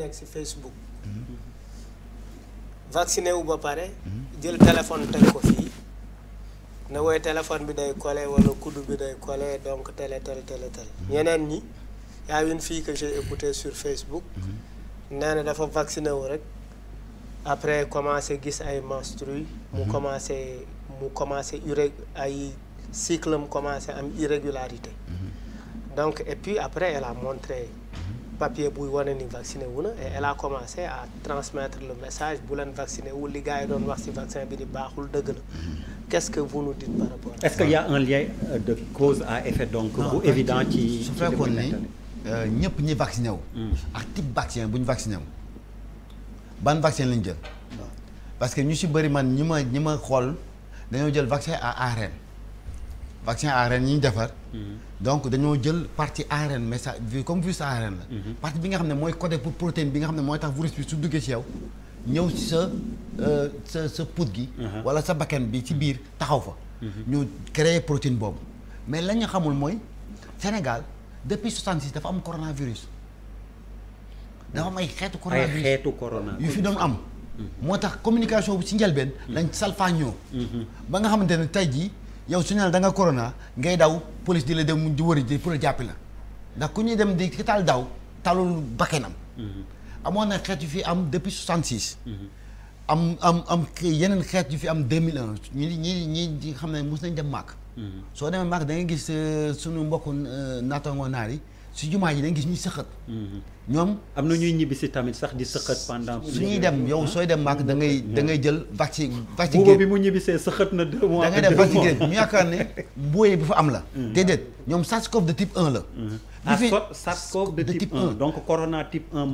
nekk si Facebook mm-hmm. vacciné wu ba pare mm-hmm. jël téléphone teg ko fii na woy téléphone bi day collé wala kuddu bi day collé donc tele télé télé télé mm-hmm. ñeneen ñi y fii une fille que j'ai écoutée sur Facebook nee dafa vacciné wu rek après commencé gis ay menstrues mu commencé mu commencé uré ay cycle mu commencé am irrégularité donc et puis après elle a montré papier buy wane ni vacciné wu na et elle a commencé à transmettre le message bu leen vacciné wu li gars yi doon wax ci vaccin bi di baaxul dëgg la qu'est-ce que vous nous dites par rapport à est-ce qu'il y a un euh, effet donc bu évident ci su fekkoon euh, ñëpp ñi vacciné wu hmm. ak type vaccin bu ñu vacciné wu ban vaccin lañ jël parce que ñu si bëri man ñi ma ñi ma xool dañoo jël vaccin à ARN vaccin ARN yi ñu defar. Mhm. donc dañoo jël partie ARN message ça comme virus ARN la. Mhm. partie bi nga xam ne mooy codé pour bi nga xam ne mooy tax virus bi su duggee ci yow. ñëw ci sa euh, sa sa put gi. Mhm. wala sa bakkan bi ci biir taxaw fa. ñu créer protéine boobu. mais la ñu xamul mooy Sénégal depuis 66 dafa am coronavirus. dafa am ay xeetu coronavirus ay xeetu coronavirus yu fi doon am. moo tax communication bu ci njalbeen lañ salfaañoo. ba nga xamante ne tey jii. yow su ñu nee da nga corona ngay daw police di la dem di wëri di pour jàppi la ndax ku ñuy dem di ki taal daw talul bakkenam mhm. amoon na xeet yu fi am depuis 66. Mhm. am am am yeneen xeet yu fi am 2001 ñi ñi ñi xam ne mos nañ dem màkk. Mhm. soo demee màkk da ngay gis euh, suñu mbokku euh, naataango naar yi. si jumaa ji da nga gis ñuy sëqat. Mhm. ñoom am na ñuy ñibbisi tamit sax di sëqat pendant. su ñuy dem yow sooy dem màgg da ngay da ngay jël vaccin. vaccin bi mu ñibbisee sëqat na deux da ngay dem vaccin ñu yaakaar ne mbooyee bi fa am la. Mhm. déedéet ñoom SARS-CoV de type 1 la. Mhm. bi ah, fi SARS-CoV de donc corona type 1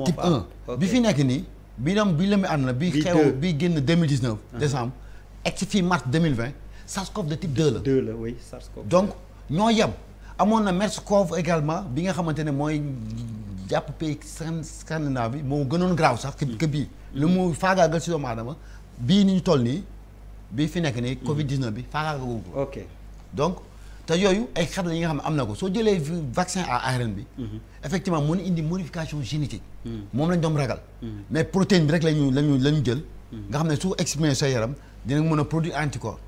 bi fi nekk nii. bi ñoom bi la muy ànd na bi xew bi génn 2019 décembre. egg si fii mars 2020 SARS-CoV de type 2 la. 2 la oui SARS-CoV donc ñoo yem. amoon na merce MERSCOV également bi nga xamante ne mooy jàpp san pays bi moo gënoon graaw sax que bii mm. lu mu faagaagal si doomu aadama bii ni ñu toll nii bii fi nekk nii mm. covid bi faagaagagu ko ok donc te yooyu ay xeet yi nga xam ne am na ko soo jëlee vaccin à ARN bi mm-hmm. effectivement mën indi modification génétique mm. moom lañ doon ragal mais protéine bi rek lañu lañu la ñu jël nga xam ne su exprimé sa yaram dina mën a produire anticorps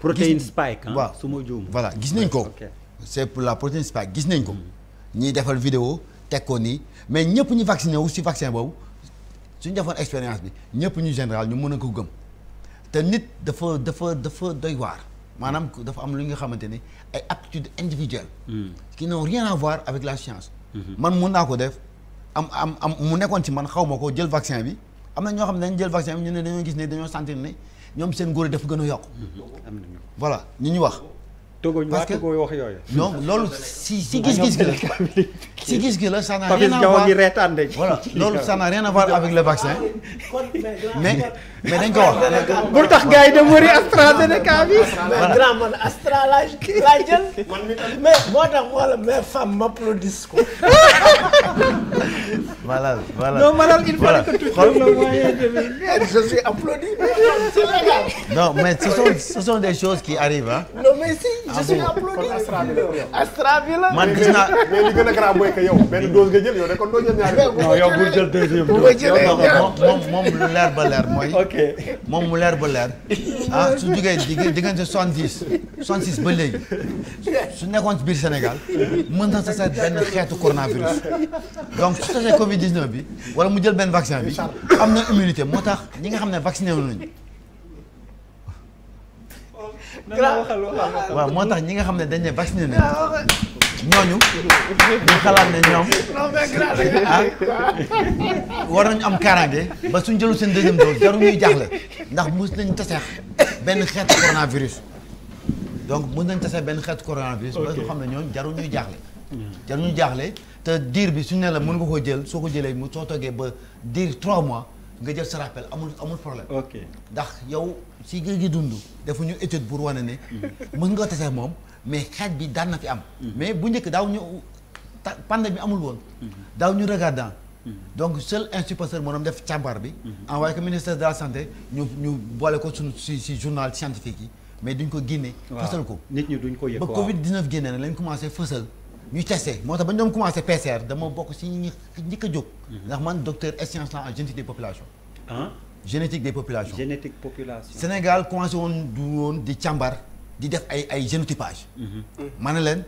protéine spike waaw su ma juum voilà gis nañ ko c'est pour la protéine c'est gis nañ ko ñiy defal vidéo teg ko nii mais ñëpp ñu vacciné wu si vaccin boobu suñu defoon expérience bi ñëpp ñu général ñu mën a ko gëm te nit dafa dafa dafa doy waar maanaam dafa am lu nga xamante ni ay aptitudes individuelles hmm. qui n'ont rien à voir avec la science hmm. man mun naa ko def am am am mu nekkoon ci man xaw ma ko jël vaccin bi am na ñoo xam ne dañ jël vaccin bi ñu ne dañoo gis ne dañoo sentir ne ñoom seen góor dafa gën a yokk hmm. voilà ñu ñu wax togoñ waa togo wax yooyu. donc loolu si si gis-gis gi la si gis gi la ça n'a rien à voir avec le vaccin mais mais dañ ko wax. bu tax gars yi dem wëri AstraZeneca bi. mais grand man mais moo tax wala mais femme m'applaudisse ko. malade malade non malade il fallait que tu trouves le moyen des si je suis applaudi astra bi mooy que yow benn dose nga jël yow de moom moom leer ba leer mooy. ok moom leer ba leer ah, su jugee diggante soixante dix soixante ba léegi su nekkoon ci biir Sénégal mën na sa benn xeetu coronavirus donc su tasee Covid 19 bi wala mu jël benn vaccin bi am na immunité moo tax ñi nga xam ne vacciné wu nañu. waaw moo tax ñi nga xam ne dañ ne vacciné nañu ah, xalaat ne ñoom ah, war nañu am kaaraange ba suñ jëlu seen deuxième dose jarul ñuy jaaxle ndax mus nañ taseex benn xeetu coronavirus donc mus nañ taseex benn xeet coronavirus ba nga xam ne ñoom jarul ñuy jaaxle jarul ñuy jaaxle te diir bi suñu ne la mën nga koo jël soo ko jëlee mu soo toogee ba diir trois mois nga jël sa rappel amul amul problème. ok ndax yow si géej gi dund. defuñu étude pour wane ne. mën nga tasee moom mais xeet bi daan na fi am. mais bu njëkk daaw ñu pandémie bi amul woon. daaw ñu regardant donc seul insupasseur moo doon def càmbar bi. envoyé ko ministère de la santé ñu ñu boole ko suñu si si journal scientifique yi mais duñ ko génne. fësal ko nit ñu duñ ko y ba Covid 19 commencé fësal. ñuy testé moo tax bañ ñu doon commencé PCR dama bokk si ñi njëkk a jóg. ndax man docteur science la en génétique des populations. ah génétique des population. Sénégal commencé woon du woon di càmbar di def ay ay génotypage. Mm-hmm. ma ne leen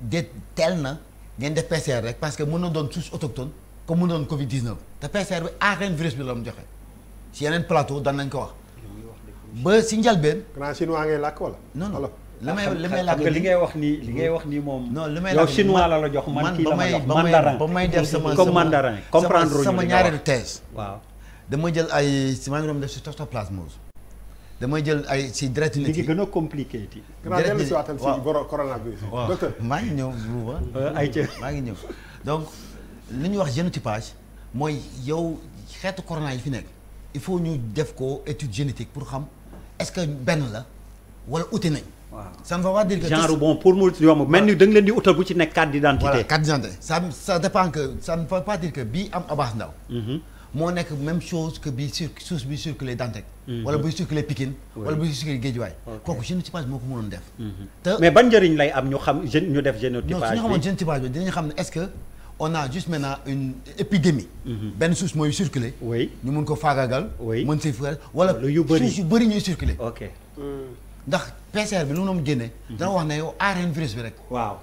de teel na ngeen def PCR rek parce que mën na doon source autochtone comme mën na doon Covid 19. te PCR bi aar leen virus bi la mu joxe si yeneen plateau daan nañ ko wax. ba si njalbeen. xanaa chinois ngay làkk non non. la may li may laaj li ngay wax nii li ngay wax nii moom. non li may laaj yow chinois la la jox man kii la ma jox mandarin ba may def sama comme mandarin comprendre ñu sama ñaareelu thèse. dama jël ay si maa ngi doon def si toxoplasmose. damay jël ay si direct nit yi gën a compliqué ti direct nit waaw waaw docteur maa ngi ñëw Louga. Euh, ay ca maa ngi ñëw donc li ñuy wax génotypage mooy yow xeetu corona yi fi nekk il faut ñu def ko étude génétique pour xam est-ce que benn la wala ute nañ. waaw ça ne veut pas dire que genre bon pour mu yomb mel ni utal bu ci nekk carte d'identité. voilà carte d'identité ça ça dépend que ça ne pas dire que bii am Abass Ndao mhm. moo nekk même chose que bii sur suuf bi circulé Dantec. Mhm. wala buy circulé Pikine. wala buy circulé Guédiawaye. kooku génotypage moo ko mënoon def. Mhm. te mais ban njëriñ lay am ñu xam gén ñu def génotypage bi ne est-ce que on a juste maintenant une épidémie. benn suuf mooy circulé. ñu mun ko faagaagal. oui mën si wala. lu yu bëri suuf yu bëri ñuy circulé. Hmm. ndax PCR bi lu mu génne. dana wax ne yow ARN virus bi rek. waaw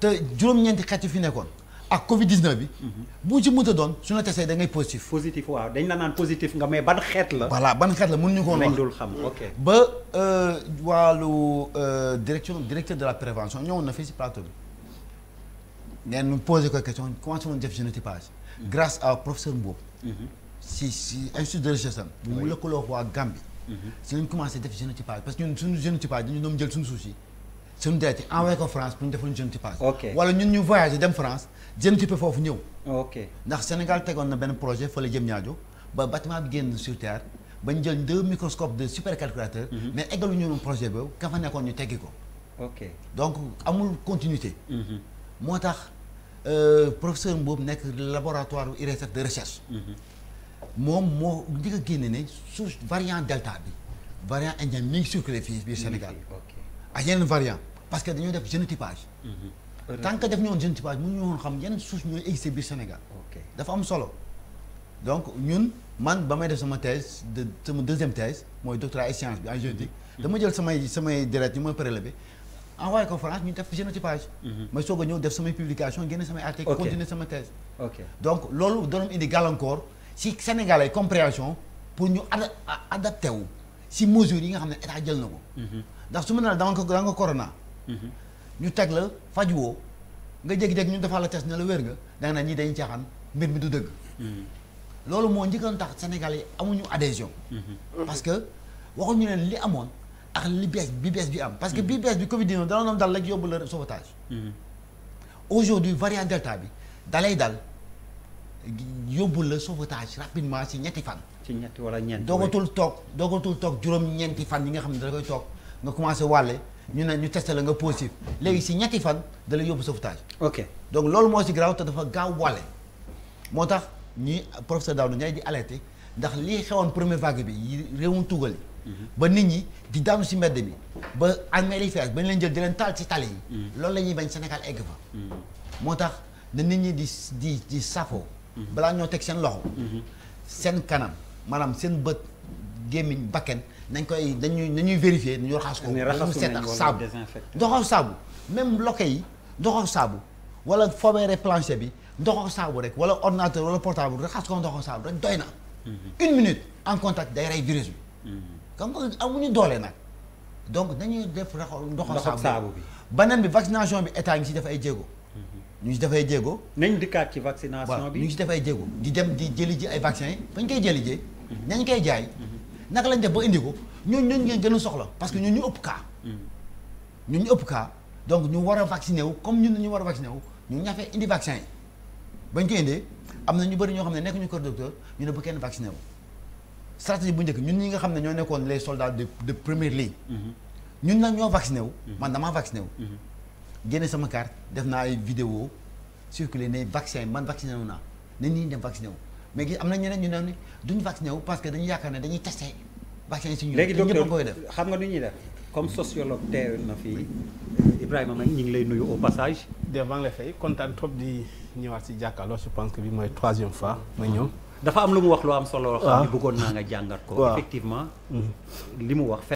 te juróom-ñeenti xeet yi fi nekkoon. ak Covid 19 bi. Mhm. bu ci mënta doon su la tesee da ngay positif. positif waaw dañ la naan positif nga mais ban xeet la. voilà ban xeet la mënuñu ko woon wax dul xam ok. ba euh, wàllu euh, direction directeur de la prévention ñëw na fii si plateau bi. neen ñu posé ko question commencé woon def génétipage. Mhm. grâce à professeur Mbow. Mhm. si si institut de recherche am. mu lëkkaloo waa Gambie. Mm-hmm. si lañ commencé def génotipage parce que ñun suñu génotipage dañu doon jël suñu suuf si suñu deret yi envoyé ko France pour ñu defuñu génotipage wala ñun ñu voyagé dem France génotipé foofu ñëw ndax Sénégal tegoon na benn projet fële jëm ñaajo ba bâtiment bi génn sur terre ba ñu jël deux microscopes de supercalculateur mm-hmm. mais eggaluñu projet boobu ka fa nekkoon ñu teggi ko ok donc amul continuité mm-hmm. moo tax euh, professeur Mboob nekk laboratoire IRESSEF de recherche moom moo njëkk a génne ne sous variant delta bi variant indien mi ngi circulé fii biir Sénégal ak yeneen variant parce que dañoo def génotypage mm-hmm. tant que def ñu woon génotypage mënuñu woon xam yan souche ñooy existé biir Sénégal dafa am solo donc ñun man ba may def sama thèse de sama deuxième thèse mooy doctorat ay science bi en génétique mm-hmm. dama jël samay samay deret ñu ma prélevé envoyé ko France ñu def génotypage mm-hmm. may soog a ñëw def samay publication génne samay article continuer sama thèse donc loolu doon indi gàllankoor si sénégalais compréhension pour ñu ad adapté wu si mesures yi nga xam ne état jël na ko. Mhm. ndax su ma nee la da nga ko da nga corona. Mhm. ñu teg la faj woo nga jékki-jékki ñu defal la test ne la wér nga da nga ñi dañ dañuy caaxaan mbir mi du dëgg. Mhm. loolu moo njëkkoon tax sénégalais yi amuñu adhésion. parce que waxuñu leen li amoon ak li bees bi bees bi am. parce que bi bees bi Covid dina dana doon dal rek yóbbu la sauvetage. aujourd'hui variant delta bi dalay dal. yóbbu la sauvetage rapidement ci ñetti fan. ci ñetti wala ñeent doogatul toog doogatul toog juróom-ñeenti fan yi nga xam ne da koy toog nga commencé wàlle ñu ne ñu testé la nga positif léegi ci ñetti fan da la yóbbu sauvetage. ok donc loolu moo si garaaw te dafa gaaw wàlle moo tax ñi professeur Daouda Ndiaye di alerté ndax lii xewoon premier vague bi réew mu tugal mhm. ba nit ñi di daanu si mbedd bi ba armée yi fees ba ñu leen jël di leen taal ci tali yi. Mhm. loolu la ñuy bañ Sénégal egg fa. Mhm. moo tax na nit ñi di di di safoo. balaa ñoo teg seen loxo. Mhm. seen kanam maanaam seen bët gémmiñ bakken nañ koy dañuy nañuy vérifier ñu raxas ko. raxas ko set ak saabu ndoxu saabu même loke yi ndoxu saabu wala fobeere plancher bi ndoxu saabu rek wala ordinateur wala portable raxas ko ndoxu saabu rek doy na. Mhm. une minute en contact day rey virus bi. xam mhm. nga amuñu doole nag. donc nañuy def raxas ndoxu saabu bi beneen bi vaccination bi etaa ngi si def ay jéego. ñu ngi dafay jéego. nañ dikkaat ci vaccination bi ñu ngi ci dafay jéego di dem di jëli ji ay vaccin yi fañ koy jëli jee. Mhm. nañ koy jaay. Mhm. naka lañ def ba indi ko ñooñu ñooñu ngeen gën a soxla parce que ñun ñu ëpp cas. Mhm. ñun ñu ëpp cas donc ñu war a vacciné wu comme ñun ñu war a vacciné wu ñu ñafe indi vaccin yi bañ ko indee am na ñu bëri ñoo xam ne nekk ñu kër docteur ñu ne bu kenn vacciné wu. stratégie bu njëkk ñun ñi nga xam ne ñoo nekkoon les soldats de de première ligne. ñun nag ñoo vacciné wu. man damaa vacciné wu. génne sama carte def naa ay vidéo circulé ne vaccin man vacciné wu naa ne nii dem vacciné wu mais gis am na ñeneen ñu ne duñ vacciné wu parce que dañu yaakaar ne dañuy testé vaccin yi suñu léegi docteur koy def xam nga du ñuy def comme sociologue teew na fii euh, Ibrahima Mbengue ñu ngi lay nuyu au passage def maa ngi lay fay kontaan trop di ñëwaat si jàkkaarloo je pense que bi mooy troisième fois ma ñëw dafa am lu mu wax lu am solo xam ne ah. bëggoon naa nga jàngat ko effectivement mm-hmm.